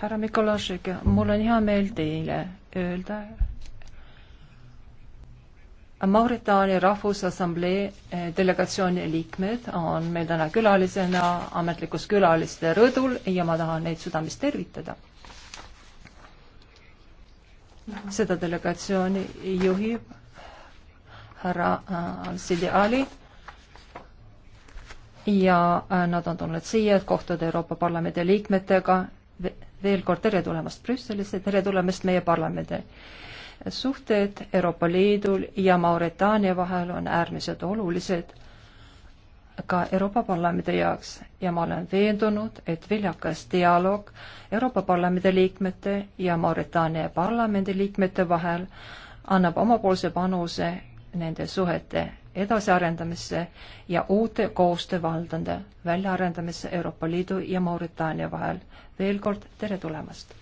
härra Mikolašik, mul on hea meel teile öelda. Mauritaania Rahvusassamblee eh, delegatsiooni liikmed on meil täna külalisena ametlikus külaliste rõdul ja ma tahan neid südamest tervitada. seda delegatsiooni juhib härra Al-Sidi eh, Ali ja eh, nad on tulnud siia, et kohtuda Euroopa Parlamendi liikmetega veel kord tere tulemast Brüsselisse, tere tulemast meie parlamendi. suhted Euroopa Liidul ja Mauritaania vahel on äärmiselt olulised ka Euroopa Parlamendi jaoks ja ma olen veendunud, et viljakas dialoog Euroopa Parlamendi liikmete ja Mauritaania parlamendi liikmete vahel annab omapoolse panuse nende suhete edasiarendamisse ja uute koostöövaldade väljaarendamisse Euroopa Liidu ja Mauritaania vahel. veel kord tere tulemast!